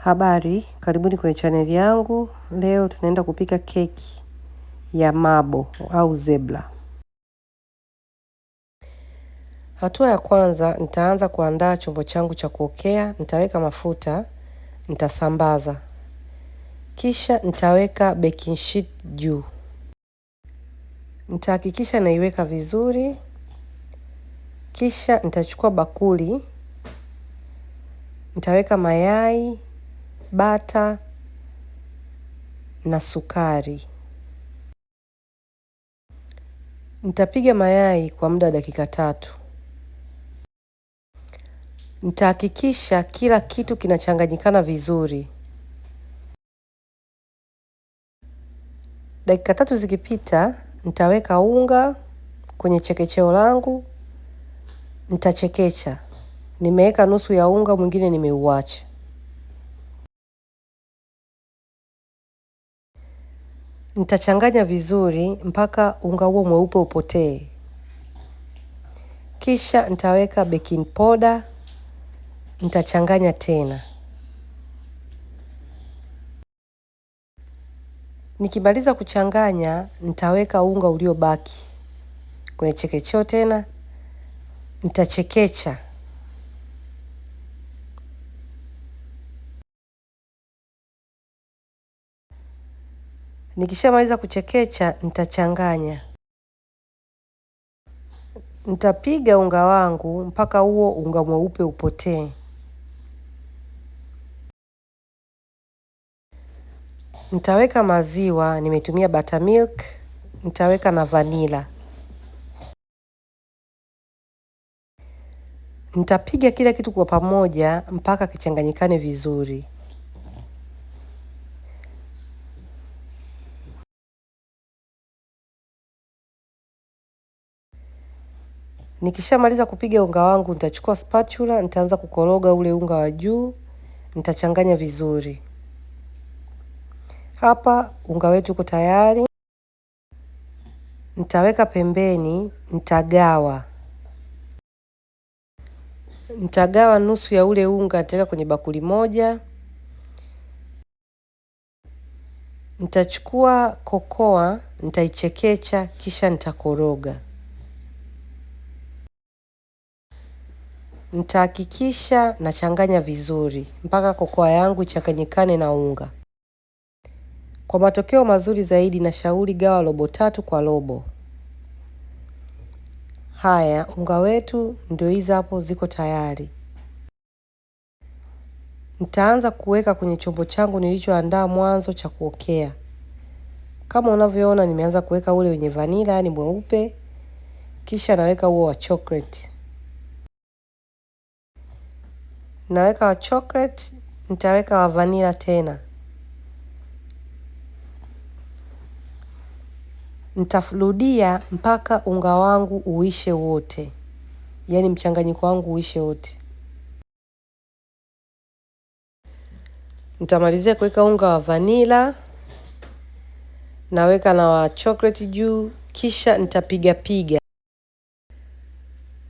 Habari, karibuni kwenye chaneli yangu. Leo tunaenda kupika keki ya mabo au zebra. Hatua ya kwanza, nitaanza kuandaa chombo changu cha kuokea. Nitaweka mafuta, nitasambaza, kisha nitaweka baking sheet juu. Nitahakikisha naiweka vizuri, kisha nitachukua bakuli, nitaweka mayai bata na sukari. Nitapiga mayai kwa muda wa dakika tatu. Nitahakikisha kila kitu kinachanganyikana vizuri. Dakika tatu zikipita, nitaweka unga kwenye chekecheo langu, nitachekecha. Nimeweka nusu ya unga, mwingine nimeuacha. Nitachanganya vizuri mpaka unga huo mweupe upotee. Kisha nitaweka baking powder, nitachanganya tena. Nikimaliza kuchanganya, nitaweka unga uliobaki kwenye chekecheo tena, nitachekecha Nikishamaliza kuchekecha, nitachanganya. Nitapiga unga wangu mpaka huo unga mweupe upotee. Nitaweka maziwa, nimetumia buttermilk, nitaweka na vanila. Nitapiga kila kitu kwa pamoja mpaka kichanganyikane vizuri. Nikishamaliza kupiga unga wangu, nitachukua spatula, nitaanza kukoroga ule unga wa juu, nitachanganya vizuri. Hapa unga wetu uko tayari, nitaweka pembeni, nitagawa nitagawa nusu ya ule unga, nitaweka kwenye bakuli moja. Nitachukua kokoa, nitaichekecha, kisha nitakoroga. Nitahakikisha nachanganya vizuri mpaka kokoa yangu ichanganyikane na unga. Kwa matokeo mazuri zaidi nashauri gawa robo tatu kwa robo. Haya, unga wetu ndio hizi hapo ziko tayari. Nitaanza kuweka kwenye chombo changu nilichoandaa mwanzo cha kuokea. Kama unavyoona nimeanza kuweka ule wenye vanila, yaani mweupe, kisha naweka huo wa chocolate. Naweka wa chocolate, nitaweka wa vanilla tena. Nitarudia mpaka unga wangu uishe wote, yaani mchanganyiko wangu uishe wote. Nitamalizia kuweka unga wa vanila, naweka na wa chocolate juu, kisha nitapiga piga.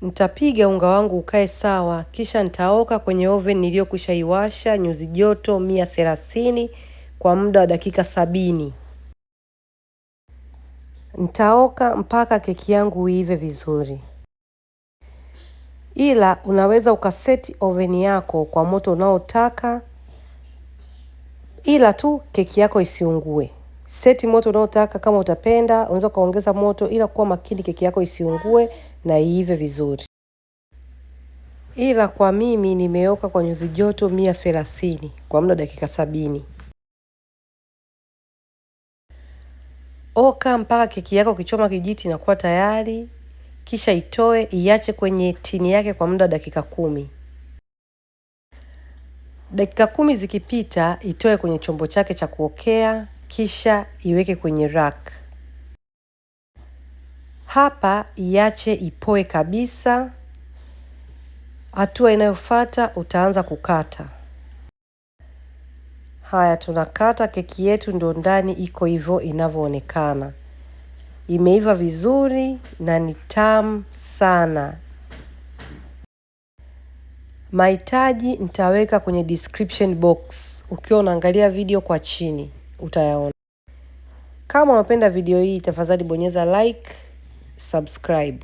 Nitapiga unga wangu ukae sawa, kisha nitaoka kwenye oven niliyokwisha iwasha nyuzi joto mia thelathini kwa muda wa dakika sabini. Nitaoka mpaka keki yangu iive vizuri, ila unaweza ukaseti oven yako kwa moto unaotaka, ila tu keki yako isiungue. Seti moto unaotaka kama utapenda, unaweza ukaongeza moto, ila kuwa makini keki yako isiungue na iive vizuri, ila kwa mimi nimeoka kwa nyuzi joto mia thelathini kwa muda wa dakika sabini. Oka mpaka keki yako kichoma kijiti inakuwa tayari, kisha itoe iache kwenye tini yake kwa muda wa dakika kumi. Dakika kumi zikipita, itoe kwenye chombo chake cha kuokea, kisha iweke kwenye rack. Hapa iache ipoe kabisa. Hatua inayofuata utaanza kukata. Haya, tunakata keki yetu, ndio ndani iko hivyo inavyoonekana. Imeiva vizuri na ni tamu sana. Mahitaji nitaweka kwenye description box, ukiwa unaangalia video kwa chini utayaona. Kama unapenda video hii, tafadhali bonyeza like subscribe.